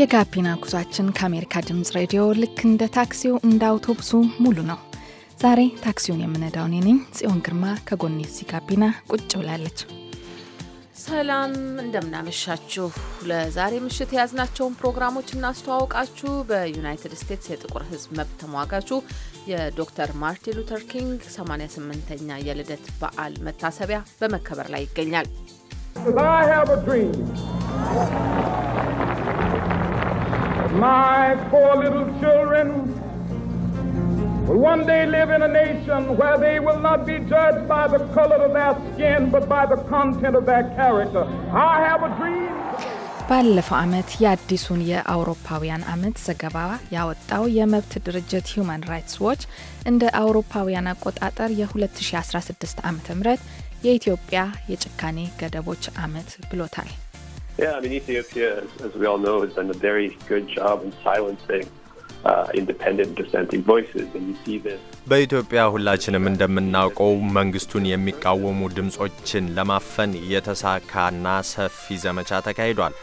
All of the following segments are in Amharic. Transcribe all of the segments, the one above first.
የጋቢና ጉዟችን ከአሜሪካ ድምፅ ሬዲዮ ልክ እንደ ታክሲው እንደ አውቶቡሱ ሙሉ ነው። ዛሬ ታክሲውን የምነዳው እኔ ነኝ ጽዮን ግርማ። ከጎኔ እዚህ ጋቢና ቁጭ ብላለች። ሰላም እንደምናመሻችሁ። ለዛሬ ምሽት የያዝናቸውን ፕሮግራሞች እናስተዋውቃችሁ። በዩናይትድ ስቴትስ የጥቁር ሕዝብ መብት ተሟጋቹ የዶክተር ማርቲን ሉተር ኪንግ 88ኛ የልደት በዓል መታሰቢያ በመከበር ላይ ይገኛል። My poor little children will one day live in a nation where they will not be judged by the color of their skin, but by the content of their character. I have a dream. ባለፈው ዓመት የአዲሱን የአውሮፓውያን ዓመት ዘገባ ያወጣው የመብት ድርጅት ሁማን ራይትስ ዎች እንደ አውሮፓውያን አቆጣጠር የ2016 ዓ ም የኢትዮጵያ የጭካኔ ገደቦች ዓመት ብሎታል። Yeah, I mean, Ethiopia, as as we all know, has done a very good job in silencing uh, በኢትዮጵያ ሁላችንም እንደምናውቀው መንግስቱን የሚቃወሙ ድምፆችን ለማፈን የተሳካና ሰፊ ዘመቻ ተካሂዷል።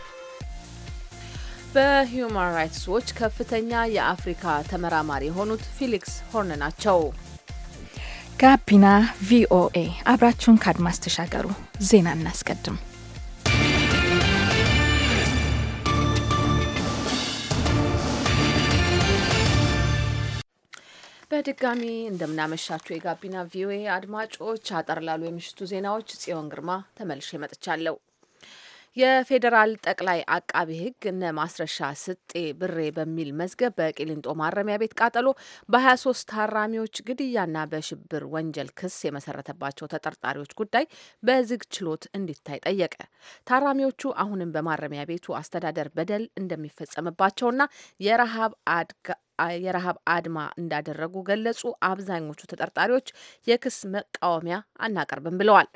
በሂዩማን ራይትስ ዎች ከፍተኛ የአፍሪካ ተመራማሪ የሆኑት ፊሊክስ ሆርን ናቸው። ጋቢና ቪኦኤ አብራችሁን ከአድማስ ተሻገሩ። ዜና እናስቀድም። በድጋሚ እንደምናመሻችሁ የጋቢና ቪኦኤ አድማጮች፣ አጠር ላሉ የምሽቱ ዜናዎች ጽዮን ግርማ ተመልሼ መጥቻለሁ። የፌዴራል ጠቅላይ አቃቢ ሕግ እነ ማስረሻ ስጤ ብሬ በሚል መዝገብ በቂሊንጦ ማረሚያ ቤት ቃጠሎ በ23 ታራሚዎች ግድያና በሽብር ወንጀል ክስ የመሰረተባቸው ተጠርጣሪዎች ጉዳይ በዝግ ችሎት እንዲታይ ጠየቀ። ታራሚዎቹ አሁንም በማረሚያ ቤቱ አስተዳደር በደል እንደሚፈጸምባቸውና የረሃብ የረሃብ አድማ እንዳደረጉ ገለጹ። አብዛኞቹ ተጠርጣሪዎች የክስ መቃወሚያ አናቀርብም ብለዋል።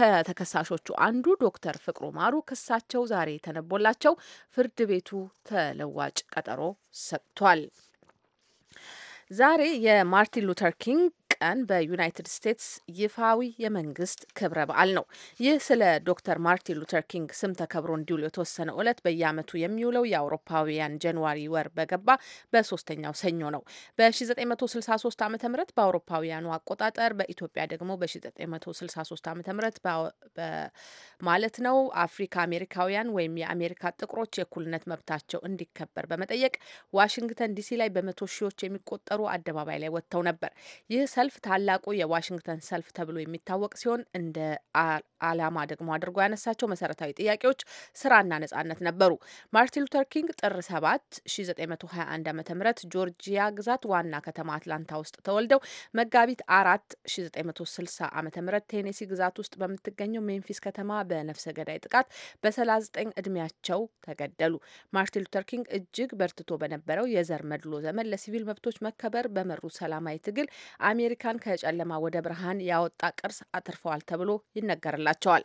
ከተከሳሾቹ አንዱ ዶክተር ፍቅሩ ማሩ ክሳቸው ዛሬ ተነቦላቸው ፍርድ ቤቱ ተለዋጭ ቀጠሮ ሰጥቷል። ዛሬ የማርቲን ሉተር ኪንግ ቀን በዩናይትድ ስቴትስ ይፋዊ የመንግስት ክብረ በዓል ነው። ይህ ስለ ዶክተር ማርቲን ሉተር ኪንግ ስም ተከብሮ እንዲውል የተወሰነው ዕለት በየአመቱ የሚውለው የአውሮፓውያን ጃንዋሪ ወር በገባ በሶስተኛው ሰኞ ነው። በ1963 ዓ ም በአውሮፓውያኑ አቆጣጠር በኢትዮጵያ ደግሞ በ1963 ዓ ም ማለት ነው አፍሪካ አሜሪካውያን ወይም የአሜሪካ ጥቁሮች የእኩልነት መብታቸው እንዲከበር በመጠየቅ ዋሽንግተን ዲሲ ላይ በመቶ ሺዎች የሚቆጠሩ አደባባይ ላይ ወጥተው ነበር። ይህ ሰልፍ ሰልፍ ታላቁ የዋሽንግተን ሰልፍ ተብሎ የሚታወቅ ሲሆን እንደ ዓላማ ደግሞ አድርጎ ያነሳቸው መሰረታዊ ጥያቄዎች ስራና ነጻነት ነበሩ። ማርቲን ሉተር ኪንግ ጥር 7 1921 ዓ ም ጆርጂያ ግዛት ዋና ከተማ አትላንታ ውስጥ ተወልደው መጋቢት 4 1960 ዓ ም ቴኔሲ ግዛት ውስጥ በምትገኘው ሜንፊስ ከተማ በነፍሰ ገዳይ ጥቃት በ39 እድሜያቸው ተገደሉ። ማርቲን ሉተር ኪንግ እጅግ በርትቶ በነበረው የዘር መድሎ ዘመን ለሲቪል መብቶች መከበር በመሩ ሰላማዊ ትግል አሜሪካ አሜሪካን ከጨለማ ወደ ብርሃን ያወጣ ቅርስ አትርፈዋል ተብሎ ይነገርላቸዋል።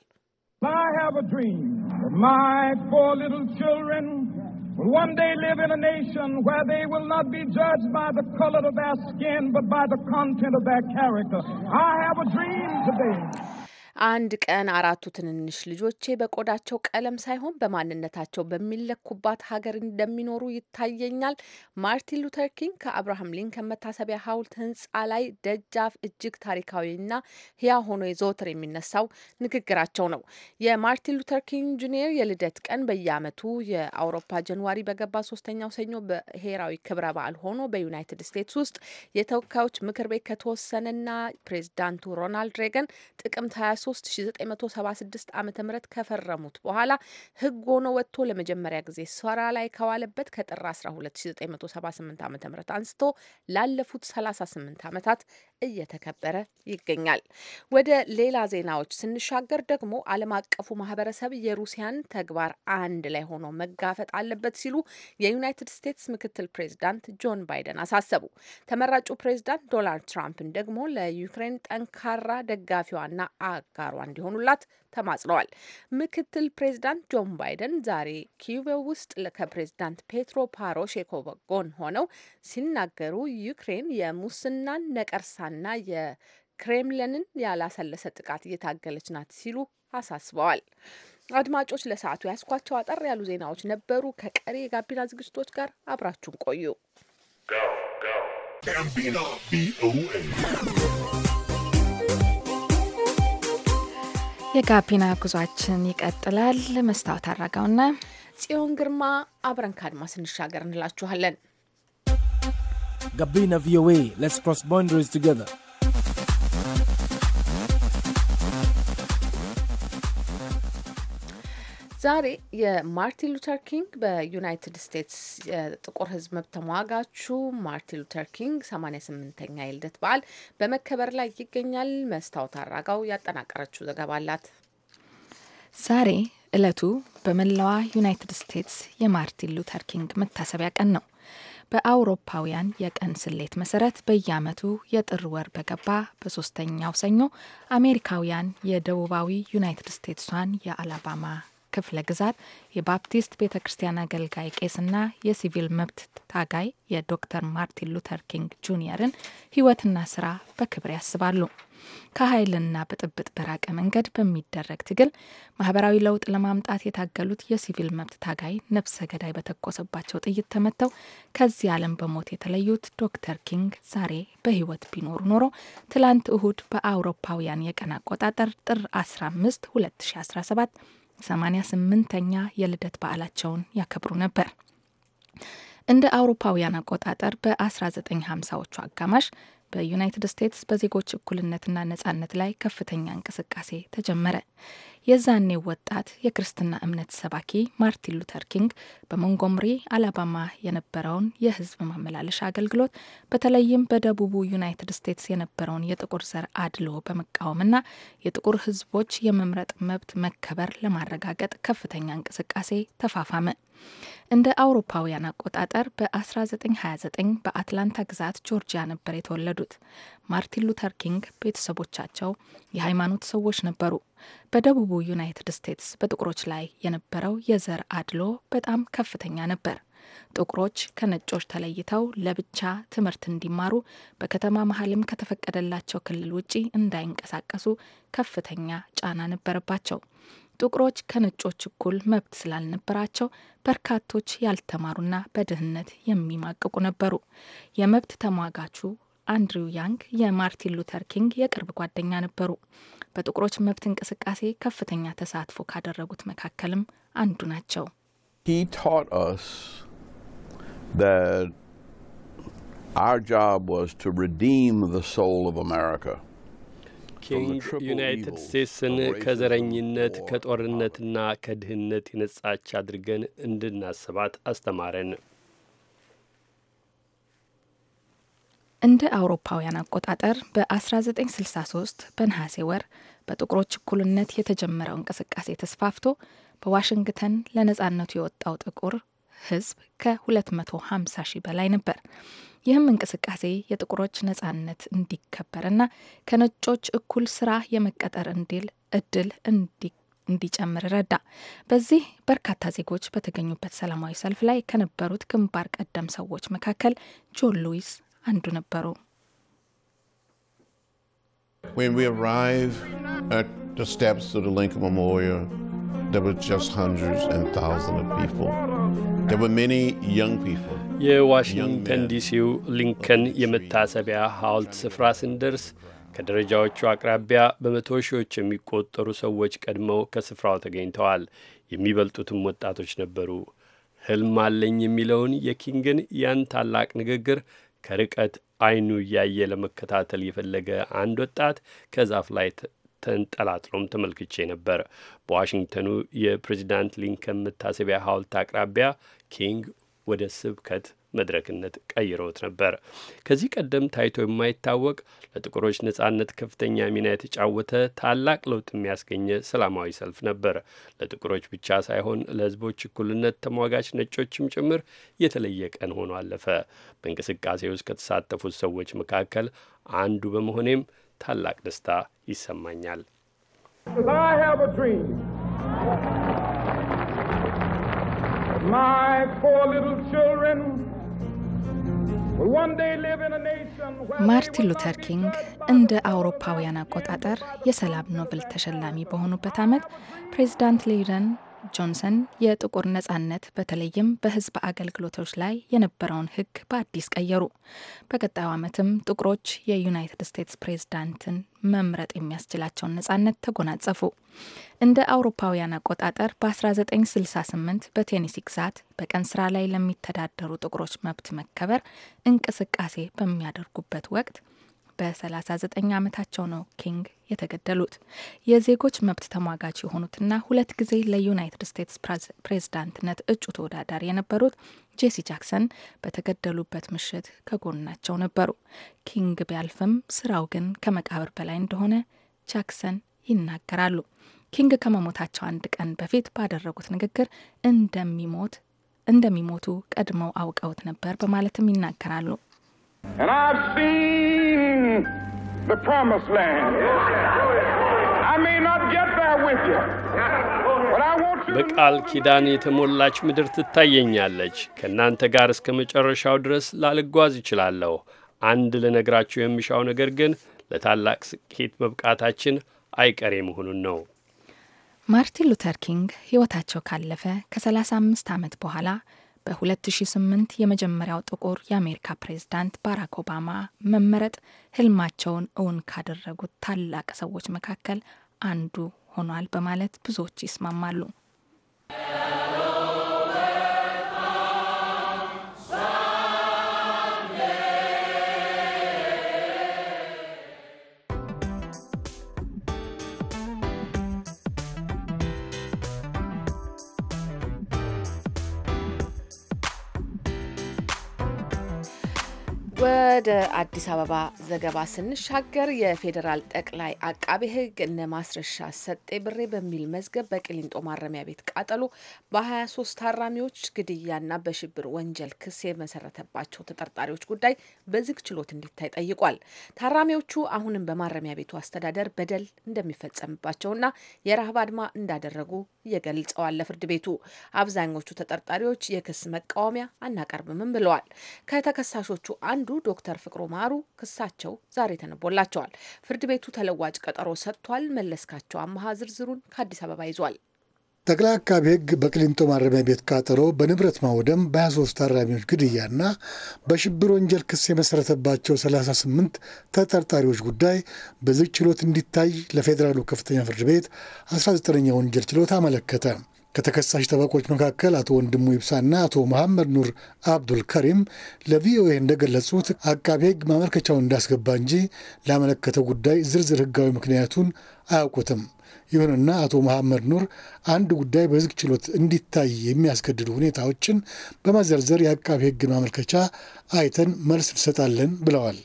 አንድ ቀን አራቱ ትንንሽ ልጆቼ በቆዳቸው ቀለም ሳይሆን በማንነታቸው በሚለኩባት ሀገር እንደሚኖሩ ይታየኛል። ማርቲን ሉተር ኪንግ ከአብርሃም ሊንከን መታሰቢያ ሐውልት ህንጻ ላይ ደጃፍ እጅግ ታሪካዊና ህያው ሆኖ የዘወትር የሚነሳው ንግግራቸው ነው። የማርቲን ሉተር ኪንግ ጁኒየር የልደት ቀን በየአመቱ የአውሮፓ ጀንዋሪ በገባ ሶስተኛው ሰኞ ብሔራዊ ክብረ በዓል ሆኖ በዩናይትድ ስቴትስ ውስጥ የተወካዮች ምክር ቤት ከተወሰነና ፕሬዚዳንቱ ሮናልድ ሬገን ጥቅምት 23 በ1976 ዓ ም ከፈረሙት በኋላ ህግ ሆኖ ወጥቶ ለመጀመሪያ ጊዜ ስራ ላይ ከዋለበት ከጥር 12 1978 ዓ ም አንስቶ ላለፉት 38 ዓመታት እየተከበረ ይገኛል። ወደ ሌላ ዜናዎች ስንሻገር ደግሞ ዓለም አቀፉ ማህበረሰብ የሩሲያን ተግባር አንድ ላይ ሆኖ መጋፈጥ አለበት ሲሉ የዩናይትድ ስቴትስ ምክትል ፕሬዚዳንት ጆን ባይደን አሳሰቡ። ተመራጩ ፕሬዚዳንት ዶናልድ ትራምፕን ደግሞ ለዩክሬን ጠንካራ ደጋፊዋና አጋ አጋሯ እንዲሆኑላት ተማጽነዋል። ምክትል ፕሬዚዳንት ጆን ባይደን ዛሬ ኪዩቤ ውስጥ ከፕሬዚዳንት ፔትሮ ፓሮሼኮ ጎን ሆነው ሲናገሩ ዩክሬን የሙስናን ነቀርሳና የክሬምሊንን ያላሰለሰ ጥቃት እየታገለች ናት ሲሉ አሳስበዋል። አድማጮች ለሰዓቱ ያስኳቸው አጠር ያሉ ዜናዎች ነበሩ። ከቀሪ የጋቢና ዝግጅቶች ጋር አብራችሁን ቆዩ። የጋቢና ጉዟችን ይቀጥላል። መስታወት አድራጋውና ጽዮን ግርማ አብረን ካድማ ስንሻገር እንላችኋለን። ጋቢና ቪኦኤ ሌትስ ክሮስ ባውንደሪስ ቱጌዘር ዛሬ የማርቲን ሉተር ኪንግ በዩናይትድ ስቴትስ የጥቁር ሕዝብ መብት ተሟጋቹ ማርቲን ሉተር ኪንግ 88ኛ የልደት በዓል በመከበር ላይ ይገኛል። መስታወት አራጋው ያጠናቀረችው ዘገባ አላት። ዛሬ እለቱ በመላዋ ዩናይትድ ስቴትስ የማርቲን ሉተር ኪንግ መታሰቢያ ቀን ነው። በአውሮፓውያን የቀን ስሌት መሰረት በየዓመቱ የጥር ወር በገባ በሶስተኛው ሰኞ አሜሪካውያን የደቡባዊ ዩናይትድ ስቴትሷን የአላባማ ክፍለ ግዛት የባፕቲስት ቤተ ክርስቲያን አገልጋይ ቄስና የሲቪል መብት ታጋይ የዶክተር ማርቲን ሉተር ኪንግ ጁኒየርን ህይወትና ስራ በክብር ያስባሉ። ከኃይልና ብጥብጥ በራቀ መንገድ በሚደረግ ትግል ማህበራዊ ለውጥ ለማምጣት የታገሉት የሲቪል መብት ታጋይ ነፍሰ ገዳይ በተኮሰባቸው ጥይት ተመተው ከዚህ ዓለም በሞት የተለዩት ዶክተር ኪንግ ዛሬ በህይወት ቢኖሩ ኖሮ ትላንት እሁድ በአውሮፓውያን የቀን አቆጣጠር ጥር 15 2017 ሰማኒያ ስምንተኛ የልደት በዓላቸውን ያከብሩ ነበር። እንደ አውሮፓውያን አቆጣጠር በ1950ዎቹ አጋማሽ በዩናይትድ ስቴትስ በዜጎች እኩልነትና ነጻነት ላይ ከፍተኛ እንቅስቃሴ ተጀመረ። የዛኔ ወጣት የክርስትና እምነት ሰባኪ ማርቲን ሉተር ኪንግ በሞንጎምሪ አላባማ የነበረውን የህዝብ ማመላለሻ አገልግሎት በተለይም በደቡቡ ዩናይትድ ስቴትስ የነበረውን የጥቁር ዘር አድልዎ በመቃወምና የጥቁር ህዝቦች የመምረጥ መብት መከበር ለማረጋገጥ ከፍተኛ እንቅስቃሴ ተፋፋመ። እንደ አውሮፓውያን አቆጣጠር በ1929 በአትላንታ ግዛት ጆርጂያ ነበር የተወለዱት። ማርቲን ሉተር ኪንግ ቤተሰቦቻቸው የሃይማኖት ሰዎች ነበሩ። በደቡቡ ዩናይትድ ስቴትስ በጥቁሮች ላይ የነበረው የዘር አድሎ በጣም ከፍተኛ ነበር። ጥቁሮች ከነጮች ተለይተው ለብቻ ትምህርት እንዲማሩ በከተማ መሀልም ከተፈቀደላቸው ክልል ውጪ እንዳይንቀሳቀሱ ከፍተኛ ጫና ነበረባቸው። ጥቁሮች ከነጮች እኩል መብት ስላልነበራቸው በርካቶች ያልተማሩና በድህነት የሚማቅቁ ነበሩ። የመብት ተሟጋቹ አንድሪው ያንግ የማርቲን ሉተር ኪንግ የቅርብ ጓደኛ ነበሩ። በጥቁሮች መብት እንቅስቃሴ ከፍተኛ ተሳትፎ ካደረጉት መካከልም አንዱ ናቸው። ኪንግ ዩናይትድ ስቴትስን ከዘረኝነት ከጦርነትና ከድህነት የነጻች አድርገን እንድናስባት አስተማረን። እንደ አውሮፓውያን አቆጣጠር በ1963 በነሐሴ ወር በጥቁሮች እኩልነት የተጀመረው እንቅስቃሴ ተስፋፍቶ በዋሽንግተን ለነፃነቱ የወጣው ጥቁር ህዝብ ከ250 ሺህ በላይ ነበር። ይህም እንቅስቃሴ የጥቁሮች ነፃነት እንዲከበርና ከነጮች እኩል ስራ የመቀጠር እንዲል እድል እንዲጨምር ረዳ። በዚህ በርካታ ዜጎች በተገኙበት ሰላማዊ ሰልፍ ላይ ከነበሩት ግንባር ቀደም ሰዎች መካከል ጆን ሉዊስ When we arrived at the steps of the Lincoln Memorial, there were just hundreds and thousands of people. There were many young people. የዋሽንግተን ዲሲው ሊንከን የመታሰቢያ ሐውልት ስፍራ ስንደርስ ከደረጃዎቹ አቅራቢያ በመቶ ሺዎች የሚቆጠሩ ሰዎች ቀድመው ከስፍራው ተገኝተዋል። የሚበልጡትም ወጣቶች ነበሩ። ሕልም አለኝ የሚለውን የኪንግን ያን ታላቅ ንግግር ከርቀት አይኑ እያየ ለመከታተል የፈለገ አንድ ወጣት ከዛፍ ላይ ተንጠላጥሎም ተመልክቼ ነበር። በዋሽንግተኑ የፕሬዚዳንት ሊንከን መታሰቢያ ሐውልት አቅራቢያ ኪንግ ወደ ስብከት መድረክነት ቀይረውት ነበር። ከዚህ ቀደም ታይቶ የማይታወቅ ለጥቁሮች ነጻነት ከፍተኛ ሚና የተጫወተ ታላቅ ለውጥ የሚያስገኘ ሰላማዊ ሰልፍ ነበር። ለጥቁሮች ብቻ ሳይሆን ለሕዝቦች እኩልነት ተሟጋች ነጮችም ጭምር የተለየ ቀን ሆኖ አለፈ። በእንቅስቃሴ ውስጥ ከተሳተፉት ሰዎች መካከል አንዱ በመሆኔም ታላቅ ደስታ ይሰማኛል። My four little children ማርቲን ሉተር ኪንግ እንደ አውሮፓውያን አቆጣጠር የሰላም ኖብል ተሸላሚ በሆኑበት ዓመት ፕሬዚዳንት ሌደን ጆንሰን የጥቁር ነጻነት በተለይም በህዝብ አገልግሎቶች ላይ የነበረውን ህግ በአዲስ ቀየሩ። በቀጣዩ ዓመትም ጥቁሮች የዩናይትድ ስቴትስ ፕሬዝዳንትን መምረጥ የሚያስችላቸውን ነጻነት ተጎናጸፉ። እንደ አውሮፓውያን አቆጣጠር በ1968 በቴኒሲ ግዛት በቀን ስራ ላይ ለሚተዳደሩ ጥቁሮች መብት መከበር እንቅስቃሴ በሚያደርጉበት ወቅት በ39 ዓመታቸው ነው ኪንግ የተገደሉት። የዜጎች መብት ተሟጋች የሆኑትና ሁለት ጊዜ ለዩናይትድ ስቴትስ ፕሬዝዳንትነት እጩ ተወዳዳሪ የነበሩት ጄሲ ጃክሰን በተገደሉበት ምሽት ከጎናቸው ነበሩ። ኪንግ ቢያልፍም ስራው ግን ከመቃብር በላይ እንደሆነ ጃክሰን ይናገራሉ። ኪንግ ከመሞታቸው አንድ ቀን በፊት ባደረጉት ንግግር እንደሚሞት እንደሚሞቱ ቀድመው አውቀውት ነበር በማለትም ይናገራሉ። the promised land. I may not get there with you. በቃል ኪዳን የተሞላች ምድር ትታየኛለች። ከእናንተ ጋር እስከ መጨረሻው ድረስ ላልጓዝ እችላለሁ። አንድ ልነግራችሁ የሚሻው ነገር ግን ለታላቅ ስኬት መብቃታችን አይቀሬ መሆኑን ነው። ማርቲን ሉተር ኪንግ ሕይወታቸው ካለፈ ከ35 ዓመት በኋላ በ2008 የመጀመሪያው ጥቁር የአሜሪካ ፕሬዝዳንት ባራክ ኦባማ መመረጥ ህልማቸውን እውን ካደረጉት ታላቅ ሰዎች መካከል አንዱ ሆኗል በማለት ብዙዎች ይስማማሉ። ወደ አዲስ አበባ ዘገባ ስንሻገር የፌዴራል ጠቅላይ አቃቤ ሕግ እነ ማስረሻ ሰጤ ብሬ በሚል መዝገብ በቅሊንጦ ማረሚያ ቤት ቃጠሎ በ23 ታራሚዎች ግድያና በሽብር ወንጀል ክስ የመሰረተባቸው ተጠርጣሪዎች ጉዳይ በዝግ ችሎት እንዲታይ ጠይቋል። ታራሚዎቹ አሁንም በማረሚያ ቤቱ አስተዳደር በደል እንደሚፈጸምባቸውና የረሃብ አድማ እንዳደረጉ እየገልጸዋል ለፍርድ ቤቱ። አብዛኞቹ ተጠርጣሪዎች የክስ መቃወሚያ አናቀርብምም ብለዋል። ከተከሳሾቹ አንዱ አንዱ ዶክተር ፍቅሩ ማሩ ክሳቸው ዛሬ ተነቦላቸዋል። ፍርድ ቤቱ ተለዋጭ ቀጠሮ ሰጥቷል። መለስካቸው አመሀ ዝርዝሩን ከአዲስ አበባ ይዟል። ጠቅላይ አቃቤ ሕግ በቅሊንጦ ማረሚያ ቤት ቃጠሎ፣ በንብረት ማውደም፣ በ23 ታራሚዎች ግድያና በሽብር ወንጀል ክስ የመሠረተባቸው 38 ተጠርጣሪዎች ጉዳይ በዝግ ችሎት እንዲታይ ለፌዴራሉ ከፍተኛ ፍርድ ቤት 19ኛ ወንጀል ችሎት አመለከተ። ከተከሳሽ ጠበቆች መካከል አቶ ወንድሙ ይብሳና አቶ መሐመድ ኑር አብዱል ከሪም ለቪኦኤ እንደገለጹት አቃቤ ሕግ ማመልከቻውን እንዳስገባ እንጂ ላመለከተው ጉዳይ ዝርዝር ሕጋዊ ምክንያቱን አያውቁትም። ይሁንና አቶ መሐመድ ኑር አንድ ጉዳይ በዝግ ችሎት እንዲታይ የሚያስገድዱ ሁኔታዎችን በመዘርዘር የአቃቤ ህግን ማመልከቻ አይተን መልስ እንሰጣለን ብለዋል።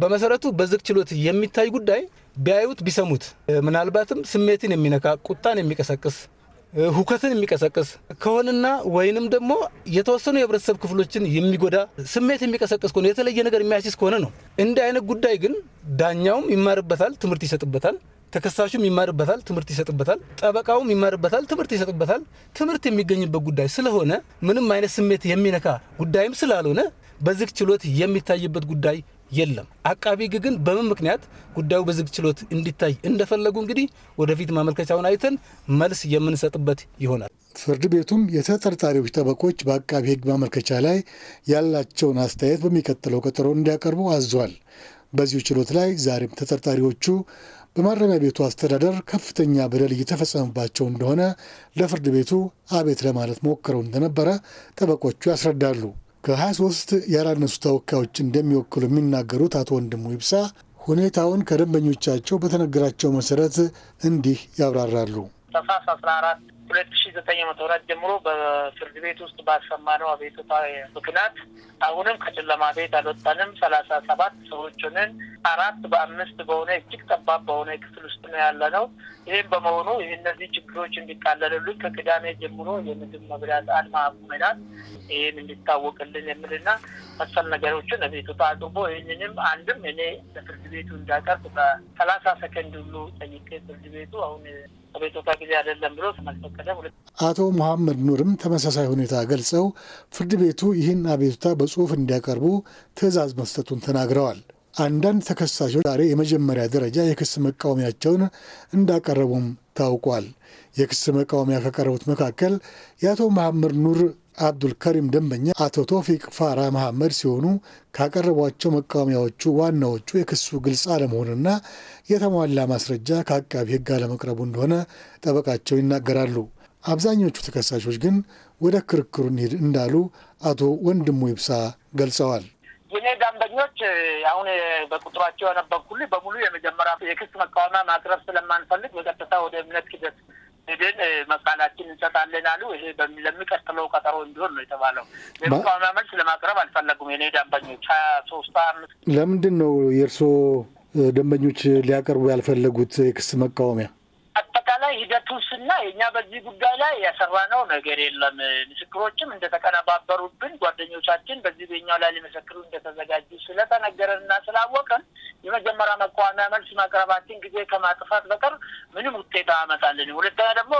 በመሰረቱ በዝግ ችሎት የሚታይ ጉዳይ ቢያዩት ቢሰሙት ምናልባትም ስሜትን የሚነካ ቁጣን የሚቀሰቅስ ሁከትን የሚቀሰቅስ ከሆነና ወይንም ደግሞ የተወሰኑ የህብረተሰብ ክፍሎችን የሚጎዳ ስሜት የሚቀሰቅስ ከሆነ የተለየ ነገር የሚያስይዝ ከሆነ ነው። እንዲህ አይነት ጉዳይ ግን ዳኛውም ይማርበታል፣ ትምህርት ይሰጥበታል። ተከሳሹም ይማርበታል፣ ትምህርት ይሰጥበታል። ጠበቃውም ይማርበታል፣ ትምህርት ይሰጥበታል። ትምህርት የሚገኝበት ጉዳይ ስለሆነ ምንም አይነት ስሜት የሚነካ ጉዳይም ስላልሆነ በዚህ ችሎት የሚታይበት ጉዳይ የለም። አቃቢ ሕግ ግን በምን ምክንያት ጉዳዩ በዝግ ችሎት እንዲታይ እንደፈለጉ እንግዲህ ወደፊት ማመልከቻውን አይተን መልስ የምንሰጥበት ይሆናል። ፍርድ ቤቱም የተጠርጣሪዎች ጠበቆች በአቃቢ ሕግ ማመልከቻ ላይ ያላቸውን አስተያየት በሚቀጥለው ቀጠሮ እንዲያቀርቡ አዟል። በዚሁ ችሎት ላይ ዛሬም ተጠርጣሪዎቹ በማረሚያ ቤቱ አስተዳደር ከፍተኛ በደል እየተፈጸመባቸው እንደሆነ ለፍርድ ቤቱ አቤት ለማለት ሞክረው እንደነበረ ጠበቆቹ ያስረዳሉ። ከ23 ያላነሱ ተወካዮች እንደሚወክሉ የሚናገሩት አቶ ወንድሙ ይብሳ ሁኔታውን ከደንበኞቻቸው በተነገራቸው መሰረት እንዲህ ያብራራሉ። ሁለት ሺ ዘጠኝ ዓመተ ምህረት ጀምሮ በፍርድ ቤት ውስጥ ባሰማነው አቤቱታ ምክንያት አሁንም ከጨለማ ቤት አልወጣንም። ሰላሳ ሰባት ሰዎችንን አራት በአምስት በሆነ እጅግ ጠባብ በሆነ ክፍል ውስጥ ነው ያለ ነው። ይህም በመሆኑ እነዚህ ችግሮች እንዲቃለልሉኝ ከቅዳሜ ጀምሮ የምግብ መብላት አድማ አቁመናል። ይህን እንዲታወቅልን የምልና መሰል ነገሮችን አቤቱታ አቅርቦ ይህንንም አንድም እኔ ለፍርድ ቤቱ እንዳቀርብ በሰላሳ ሰከንድ ሁሉ ጠይቄ ፍርድ ቤቱ አሁን አቤቱታ ጊዜ አይደለም ብሎ ስላልፈቀደ አቶ መሐመድ ኑርም ተመሳሳይ ሁኔታ ገልጸው ፍርድ ቤቱ ይህን አቤቱታ በጽሁፍ እንዲያቀርቡ ትዕዛዝ መስጠቱን ተናግረዋል። አንዳንድ ተከሳሾች ዛሬ የመጀመሪያ ደረጃ የክስ መቃወሚያቸውን እንዳቀረቡም ታውቋል። የክስ መቃወሚያ ከቀረቡት መካከል የአቶ መሐመድ ኑር አብዱልከሪም ደንበኛ አቶ ቶፊቅ ፋራ መሐመድ ሲሆኑ ካቀረቧቸው መቃወሚያዎቹ ዋናዎቹ የክሱ ግልጽ አለመሆንና የተሟላ ማስረጃ ከአቃቢ ሕግ አለመቅረቡ እንደሆነ ጠበቃቸው ይናገራሉ። አብዛኞቹ ተከሳሾች ግን ወደ ክርክሩ እንሂድ እንዳሉ አቶ ወንድሙ ይብሳ ገልጸዋል። የኔ ደንበኞች አሁን በቁጥሯቸው ያነበብኩልህ በሙሉ የመጀመሪያ የክስ መቃወሚያ ማቅረብ ስለማንፈልግ በቀጥታ ወደ እምነት ክደት ሄደን መቃላችን እንሰጣለን አሉ። ይሄ ለሚቀጥለው ቀጠሮ እንዲሆን ነው የተባለው። የመቃወሚያ መልስ ለማቅረብ አልፈለጉም። የኔ ደንበኞች ሀያ ሶስት አምስት ለምንድን ነው የእርስዎ ደንበኞች ሊያቀርቡ ያልፈለጉት የክስ መቃወሚያ? አጠቃላይ ሂደቱን ስናይ እኛ በዚህ ጉዳይ ላይ ያሰራነው ነገር የለም። ምስክሮችም እንደተቀነባበሩብን ጓደኞቻችን በዚህ በኛው ላይ ሊመሰክሩ እንደተዘጋጁ ስለተነገረን እና ስላወቅን የመጀመሪያ መቃወሚያ መልስ ማቅረባችን ጊዜ ከማጥፋት በቀር ምንም ውጤት አመጣልን። ሁለተኛ ደግሞ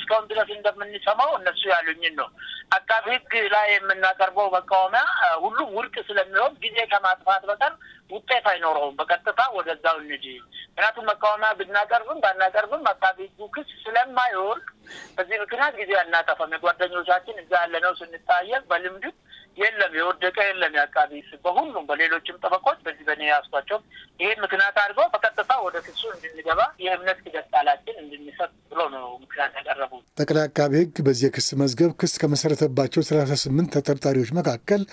እስካሁን ድረስ እንደምንሰማው እነሱ ያሉኝን ነው አቃቢ ሕግ ላይ የምናቀርበው መቃወሚያ ሁሉም ውድቅ ስለሚሆን ጊዜ ከማጥፋት በቀር ውጤት አይኖረውም። በቀጥታ ወደዛው እንሂድ። ምክንያቱም መቃወሚያ ብናቀርብም ባናቀርብም አቃቢ ሕጉ ክስ ስለማይወርቅ በዚህ ምክንያት ጊዜ አናጠፋም። የጓደኞቻችን እዛ ያለነው ስንታየቅ በልምድም የለም የወደቀ የለም የአቃቢ በሁሉም በሌሎችም ጠበቆች በዚህ በእኔ ያስኳቸው ይህን ምክንያት አድርገው በቀጥታ ወደ ክሱ እንድንገባ የእምነት ክደት ቃላችን እንድንሰጥ ብሎ ነው ምክንያት ያቀረቡ። ጠቅላይ አቃቢ ሕግ በዚህ የክስ መዝገብ ክስ ከመሰረተባቸው ሰላሳ ስምንት ተጠርጣሪዎች መካከል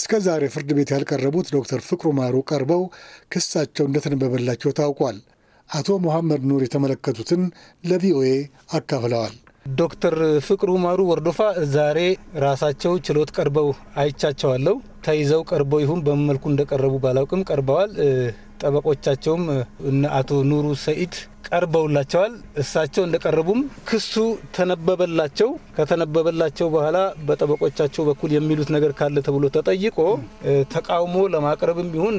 እስከ ዛሬ ፍርድ ቤት ያልቀረቡት ዶክተር ፍቅሩ ማሩ ቀርበው ክሳቸው እንደተነበበላቸው ታውቋል። አቶ መሐመድ ኑር የተመለከቱትን ለቪኦኤ አካፍለዋል። ዶክተር ፍቅሩ ማሩ ወርዶፋ ዛሬ ራሳቸው ችሎት ቀርበው አይቻቸዋለሁ። ተይዘው ቀርበው ይሁን በምን መልኩ እንደቀረቡ ባላውቅም ቀርበዋል። ጠበቆቻቸውም እነ አቶ ኑሩ ሰኢድ ቀርበውላቸዋል። እሳቸው እንደቀረቡም ክሱ ተነበበላቸው። ከተነበበላቸው በኋላ በጠበቆቻቸው በኩል የሚሉት ነገር ካለ ተብሎ ተጠይቆ ተቃውሞ ለማቅረብም ይሁን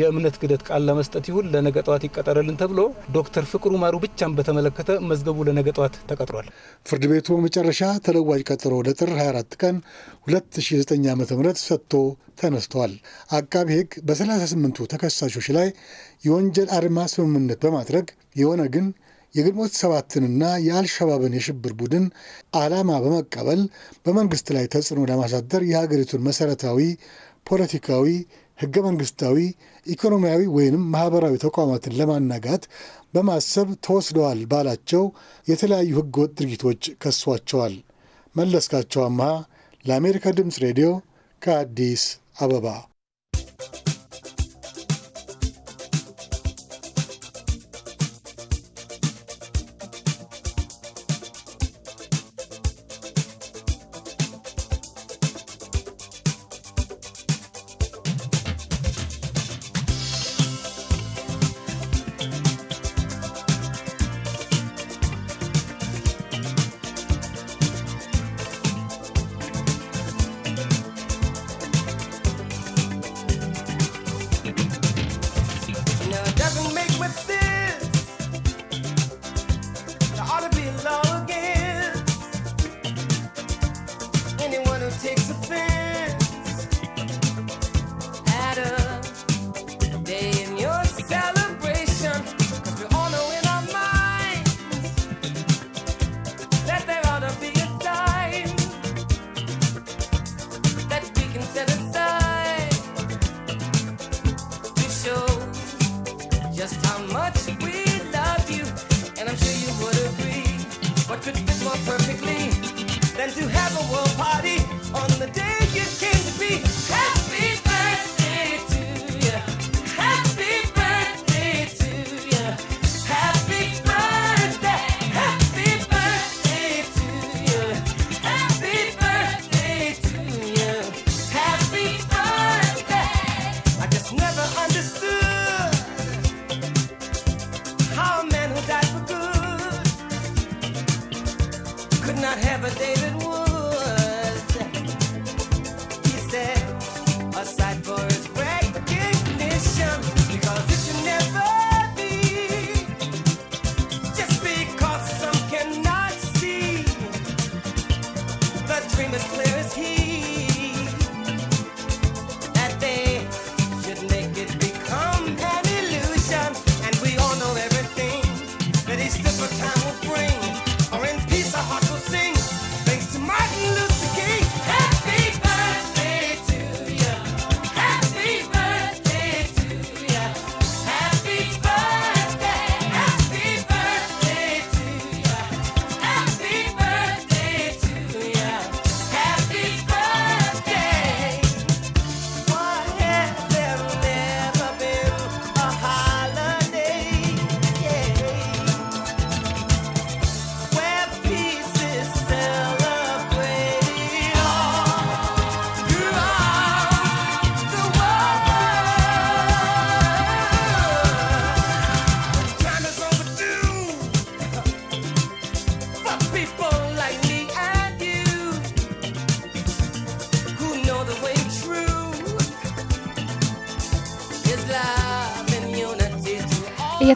የእምነት ክደት ቃል ለመስጠት ይሁን ለነገ ጠዋት ይቀጠረልን ተብሎ ዶክተር ፍቅሩ ማሩ ብቻን በተመለከተ መዝገቡ ለነገ ጠዋት ተቀጥሯል። ፍርድ ቤቱ በመጨረሻ ተለዋጭ ቀጠሮ ለጥር 24 ቀን 2009 ዓ ም ሰጥቶ ተነስቷል። አቃቢ ሕግ በ38ቱ ተከሳሾች ላይ የወንጀል አድማ ስምምነት በማድረግ የሆነ ግን የግንቦት ሰባትንና የአልሸባብን የሽብር ቡድን ዓላማ በመቀበል በመንግስት ላይ ተጽዕኖ ለማሳደር የሀገሪቱን መሠረታዊ ፖለቲካዊ ህገ መንግስታዊ፣ ኢኮኖሚያዊ ወይንም ማህበራዊ ተቋማትን ለማናጋት በማሰብ ተወስደዋል ባላቸው የተለያዩ ህገወጥ ድርጊቶች ከሷቸዋል። መለስካቸው አምሃ ለአሜሪካ ድምፅ ሬዲዮ ከአዲስ አበባ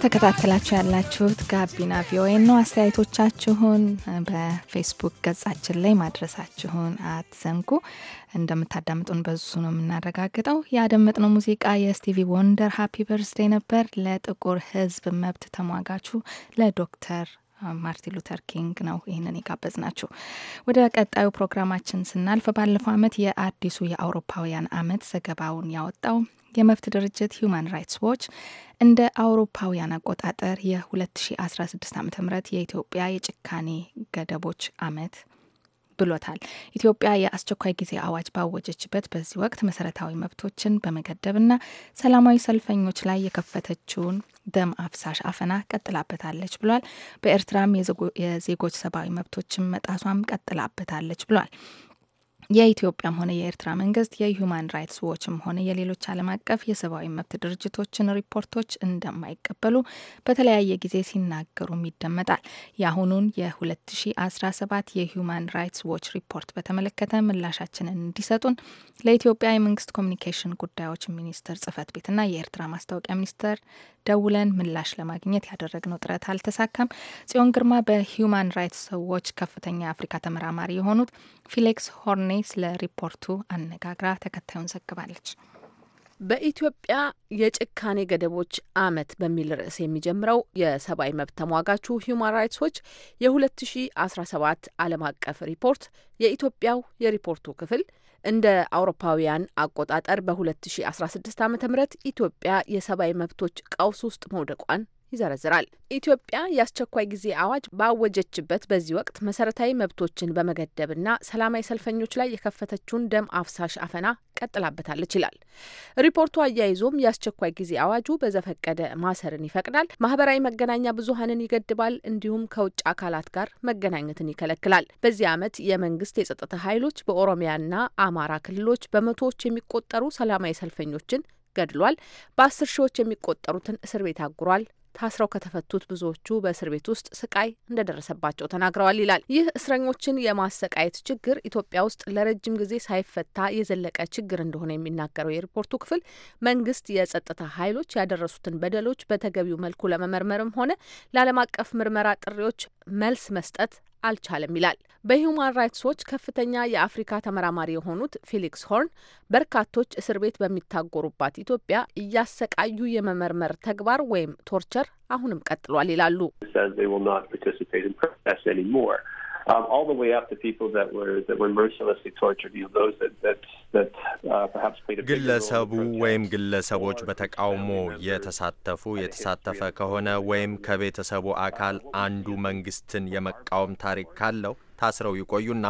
እየተከታተላችሁ ያላችሁት ጋቢና ቪኦኤ ነው። አስተያየቶቻችሁን በፌስቡክ ገጻችን ላይ ማድረሳችሁን አትዘንጉ። እንደምታዳምጡን በሱ ነው የምናረጋግጠው። ያደመጥነው ሙዚቃ የስቲቪ ወንደር ሃፒ በርዝዴ ነበር። ለጥቁር ሕዝብ መብት ተሟጋቹ ለዶክተር ማርቲን ሉተር ኪንግ ነው ይህንን የጋበዝናችሁ። ወደ ቀጣዩ ፕሮግራማችን ስናልፍ ባለፈው ዓመት የአዲሱ የአውሮፓውያን ዓመት ዘገባውን ያወጣው የመብት ድርጅት ሂዩማን ራይትስ ዎች እንደ አውሮፓውያን አቆጣጠር የ2016 ዓ ም የኢትዮጵያ የጭካኔ ገደቦች አመት ብሎታል። ኢትዮጵያ የአስቸኳይ ጊዜ አዋጅ ባወጀችበት በዚህ ወቅት መሰረታዊ መብቶችን በመገደብና ሰላማዊ ሰልፈኞች ላይ የከፈተችውን ደም አፍሳሽ አፈና ቀጥላበታለች ብሏል። በኤርትራም የዜጎች ሰብአዊ መብቶችን መጣሷም ቀጥላበታለች ብሏል። የኢትዮጵያም ሆነ የኤርትራ መንግስት የሁማን ራይትስ ዎችም ሆነ የሌሎች ዓለም አቀፍ የሰብአዊ መብት ድርጅቶችን ሪፖርቶች እንደማይቀበሉ በተለያየ ጊዜ ሲናገሩም ይደመጣል። የአሁኑን የ2017 የሁማን ራይትስ ዎች ሪፖርት በተመለከተ ምላሻችንን እንዲሰጡን ለኢትዮጵያ የመንግስት ኮሚኒኬሽን ጉዳዮች ሚኒስቴር ጽህፈት ቤትና የኤርትራ ማስታወቂያ ሚኒስቴር ደውለን ምላሽ ለማግኘት ያደረግነው ጥረት አልተሳካም። ጽዮን ግርማ በሁማን ራይትስ ዎች ከፍተኛ የአፍሪካ ተመራማሪ የሆኑት ፊሌክስ ሆርኔ ስለ ሪፖርቱ አነጋግራ ተከታዩን ዘግባለች። በኢትዮጵያ የጭካኔ ገደቦች አመት በሚል ርዕስ የሚጀምረው የሰብአዊ መብት ተሟጋቹ ሂውማን ራይትስ ዎች የ2017 ዓለም አቀፍ ሪፖርት የኢትዮጵያው የሪፖርቱ ክፍል እንደ አውሮፓውያን አቆጣጠር በ2016 ዓ ም ኢትዮጵያ የሰብአዊ መብቶች ቀውስ ውስጥ መውደቋን ይዘረዝራል። ኢትዮጵያ የአስቸኳይ ጊዜ አዋጅ ባወጀችበት በዚህ ወቅት መሰረታዊ መብቶችን በመገደብና ሰላማዊ ሰልፈኞች ላይ የከፈተችውን ደም አፍሳሽ አፈና ቀጥላበታለች ይላል ሪፖርቱ። አያይዞም የአስቸኳይ ጊዜ አዋጁ በዘፈቀደ ማሰርን ይፈቅዳል፣ ማህበራዊ መገናኛ ብዙሀንን ይገድባል፣ እንዲሁም ከውጭ አካላት ጋር መገናኘትን ይከለክላል። በዚህ ዓመት የመንግስት የጸጥታ ኃይሎች በኦሮሚያና አማራ ክልሎች በመቶዎች የሚቆጠሩ ሰላማዊ ሰልፈኞችን ገድሏል። በአስር ሺዎች የሚቆጠሩትን እስር ቤት አጉሯል፣ ታስረው ከተፈቱት ብዙዎቹ በእስር ቤት ውስጥ ስቃይ እንደደረሰባቸው ተናግረዋል ይላል። ይህ እስረኞችን የማሰቃየት ችግር ኢትዮጵያ ውስጥ ለረጅም ጊዜ ሳይፈታ የዘለቀ ችግር እንደሆነ የሚናገረው የሪፖርቱ ክፍል መንግስት የጸጥታ ኃይሎች ያደረሱትን በደሎች በተገቢው መልኩ ለመመርመርም ሆነ ለዓለም አቀፍ ምርመራ ጥሪዎች መልስ መስጠት አልቻለም ይላል። በሂውማን ራይትስ ዎች ከፍተኛ የአፍሪካ ተመራማሪ የሆኑት ፊሊክስ ሆርን በርካቶች እስር ቤት በሚታጎሩባት ኢትዮጵያ እያሰቃዩ የመመርመር ተግባር ወይም ቶርቸር አሁንም ቀጥሏል ይላሉ። um, all the way up to people that were that were mercilessly tortured, you know, those that that that uh, perhaps played a big ግለሰቡ ወይም ግለሰቦች በተቃውሞ የተሳተፉ የተሳተፈ ከሆነ ወይም ከቤተሰቡ አካል uh, አንዱ መንግስትን የመቃወም ታሪክ ካለው ታስረው ይቆዩና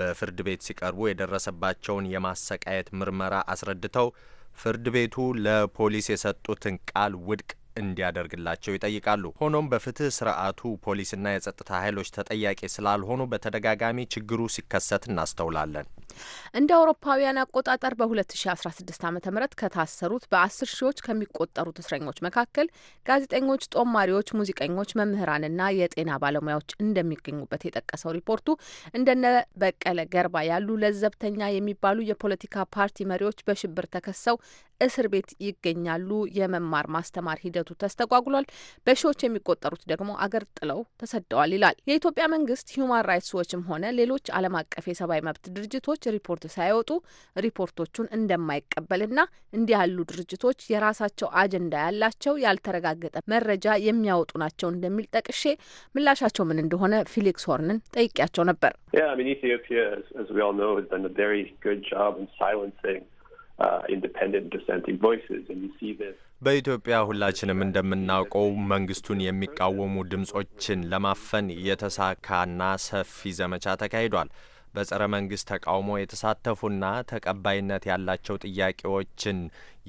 በፍርድ ቤት ሲቀርቡ የደረሰባቸውን የማሰቃየት ምርመራ አስረድተው ፍርድ ቤቱ ለፖሊስ የሰጡትን ቃል ውድቅ እንዲያደርግላቸው ይጠይቃሉ። ሆኖም በፍትህ ስርዓቱ ፖሊስና የጸጥታ ኃይሎች ተጠያቂ ስላልሆኑ በተደጋጋሚ ችግሩ ሲከሰት እናስተውላለን። እንደ አውሮፓውያን አቆጣጠር በ2016 ዓ ም ከታሰሩት በአስር ሺዎች ከሚቆጠሩት እስረኞች መካከል ጋዜጠኞች፣ ጦማሪዎች፣ ሙዚቀኞች፣ መምህራንና የጤና ባለሙያዎች እንደሚገኙበት የጠቀሰው ሪፖርቱ እንደነ በቀለ ገርባ ያሉ ለዘብተኛ የሚባሉ የፖለቲካ ፓርቲ መሪዎች በሽብር ተከሰው እስር ቤት ይገኛሉ። የመማር ማስተማር ሂደቱ ተስተጓጉሏል። በሺዎች የሚቆጠሩት ደግሞ አገር ጥለው ተሰደዋል ይላል። የኢትዮጵያ መንግስት ሂዩማን ራይትስ ዎችም ሆነ ሌሎች ዓለም አቀፍ የሰብአዊ መብት ድርጅቶች ሪፖርት ሳይወጡ ሪፖርቶቹን እንደማይቀበልና እንዲህ ያሉ ድርጅቶች የራሳቸው አጀንዳ ያላቸው ያልተረጋገጠ መረጃ የሚያወጡ ናቸው እንደሚል ጠቅሼ ምላሻቸው ምን እንደሆነ ፊሊክስ ሆርንን ጠይቄያቸው ነበር። uh, በኢትዮጵያ ሁላችንም እንደምናውቀው መንግስቱን የሚቃወሙ ድምጾችን ለማፈን የተሳካና ሰፊ ዘመቻ ተካሂዷል። በጸረ መንግስት ተቃውሞ የተሳተፉና ተቀባይነት ያላቸው ጥያቄዎችን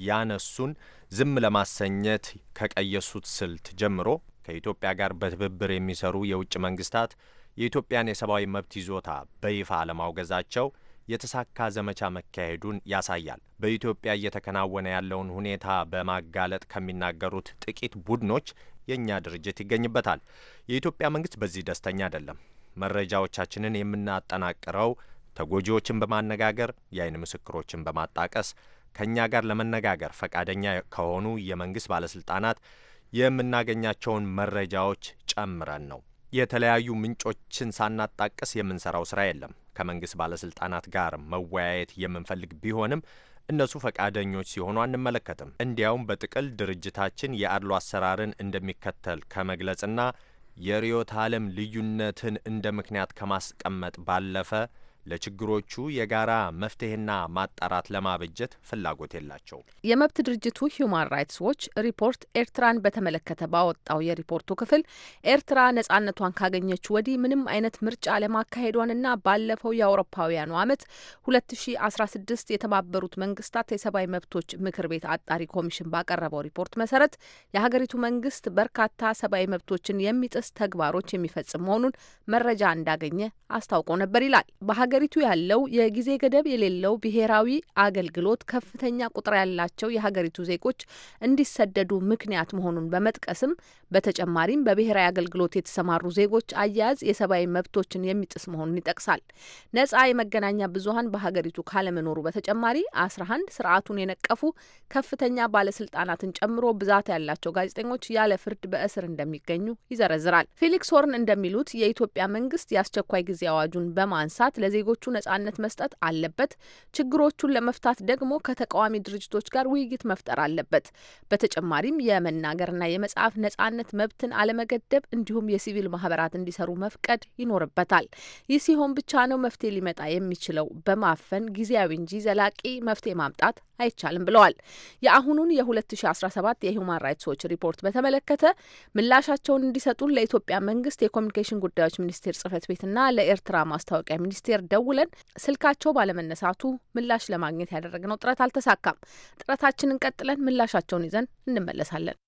ያነሱን ዝም ለማሰኘት ከቀየሱት ስልት ጀምሮ ከኢትዮጵያ ጋር በትብብር የሚሰሩ የውጭ መንግስታት የኢትዮጵያን የሰብአዊ መብት ይዞታ በይፋ አለማውገዛቸው የተሳካ ዘመቻ መካሄዱን ያሳያል። በኢትዮጵያ እየተከናወነ ያለውን ሁኔታ በማጋለጥ ከሚናገሩት ጥቂት ቡድኖች የእኛ ድርጅት ይገኝበታል። የኢትዮጵያ መንግስት በዚህ ደስተኛ አይደለም። መረጃዎቻችንን የምናጠናቅረው ተጎጂዎችን በማነጋገር የአይን ምስክሮችን በማጣቀስ ከእኛ ጋር ለመነጋገር ፈቃደኛ ከሆኑ የመንግስት ባለስልጣናት የምናገኛቸውን መረጃዎች ጨምረን ነው። የተለያዩ ምንጮችን ሳናጣቅስ የምንሰራው ስራ የለም። ከመንግስት ባለስልጣናት ጋር መወያየት የምንፈልግ ቢሆንም እነሱ ፈቃደኞች ሲሆኑ አንመለከትም። እንዲያውም በጥቅል ድርጅታችን የአድሎ አሰራርን እንደሚከተል ከመግለጽና የርዕዮተ ዓለም ልዩነትን እንደ ምክንያት ከማስቀመጥ ባለፈ ለችግሮቹ የጋራ መፍትሄና ማጣራት ለማበጀት ፍላጎት የላቸው የመብት ድርጅቱ ሂዩማን ራይትስ ዎች ሪፖርት ኤርትራን በተመለከተ ባወጣው የሪፖርቱ ክፍል ኤርትራ ነጻነቷን ካገኘች ወዲህ ምንም አይነት ምርጫ ለማካሄዷንና ባለፈው የአውሮፓውያኑ ዓመት 2016 የተባበሩት መንግስታት የሰብአዊ መብቶች ምክር ቤት አጣሪ ኮሚሽን ባቀረበው ሪፖርት መሰረት የሀገሪቱ መንግስት በርካታ ሰብአዊ መብቶችን የሚጥስ ተግባሮች የሚፈጽም መሆኑን መረጃ እንዳገኘ አስታውቆ ነበር ይላል። በሀገሪቱ ያለው የጊዜ ገደብ የሌለው ብሔራዊ አገልግሎት ከፍተኛ ቁጥር ያላቸው የሀገሪቱ ዜጎች እንዲሰደዱ ምክንያት መሆኑን በመጥቀስም በተጨማሪም በብሔራዊ አገልግሎት የተሰማሩ ዜጎች አያያዝ የሰብአዊ መብቶችን የሚጥስ መሆኑን ይጠቅሳል። ነጻ የመገናኛ ብዙሀን በሀገሪቱ ካለመኖሩ በተጨማሪ አስራ አንድ ስርዓቱን የነቀፉ ከፍተኛ ባለስልጣናትን ጨምሮ ብዛት ያላቸው ጋዜጠኞች ያለ ፍርድ በእስር እንደሚገኙ ይዘረዝራል። ፊሊክስ ሆርን እንደሚሉት የኢትዮጵያ መንግስት የአስቸኳይ ጊዜ አዋጁን በማንሳት ለዜ ለዜጎቹ ነጻነት መስጠት አለበት። ችግሮቹን ለመፍታት ደግሞ ከተቃዋሚ ድርጅቶች ጋር ውይይት መፍጠር አለበት። በተጨማሪም የመናገርና የመጽሐፍ ነጻነት መብትን አለመገደብ፣ እንዲሁም የሲቪል ማህበራት እንዲሰሩ መፍቀድ ይኖርበታል። ይህ ሲሆን ብቻ ነው መፍትሄ ሊመጣ የሚችለው። በማፈን ጊዜያዊ እንጂ ዘላቂ መፍትሄ ማምጣት አይቻልም ብለዋል። የአሁኑን የ2017 የሁማን ራይትስ ዎች ሪፖርት በተመለከተ ምላሻቸውን እንዲሰጡን ለኢትዮጵያ መንግስት የኮሚኒኬሽን ጉዳዮች ሚኒስቴር ጽህፈት ቤትና ለኤርትራ ማስታወቂያ ሚኒስቴር ደውለን ስልካቸው ባለመነሳቱ ምላሽ ለማግኘት ያደረግነው ጥረት አልተሳካም። ጥረታችንን ቀጥለን ምላሻቸውን ይዘን እንመለሳለን።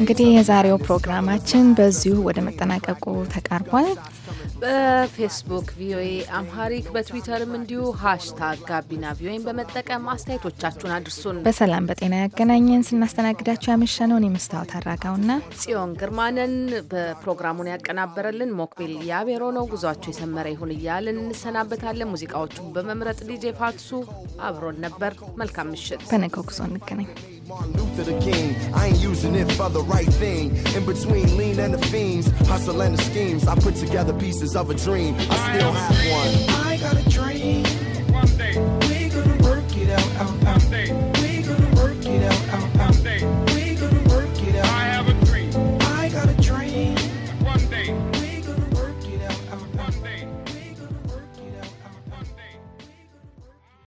እንግዲህ የዛሬው ፕሮግራማችን በዚሁ ወደ መጠናቀቁ ተቃርቧል። በፌስቡክ ቪኦኤ አምሃሪክ በትዊተርም እንዲሁ ሀሽታግ ጋቢና ቪኦኤን በመጠቀም አስተያየቶቻችሁን አድርሱን። በሰላም በጤና ያገናኘን። ስናስተናግዳችሁ ያመሸነውን የመስታወት አራጋውና ጽዮን ግርማንን በፕሮግራሙን ያቀናበረልን ሞክቤል ያቤሮ ነው። ጉዟቸው የሰመረ ይሁን እያልን እንሰናበታለን። ሙዚቃዎቹን በመምረጥ ዲጄ ፋትሱ አብሮን ነበር። መልካም ምሽት። በነገው ጉዞ እንገናኝ። Martin Luther the King. I ain't using it for the right thing. In between lean and the fiends, hustle and the schemes. I put together pieces of a dream. I still have one. I got a dream. One day.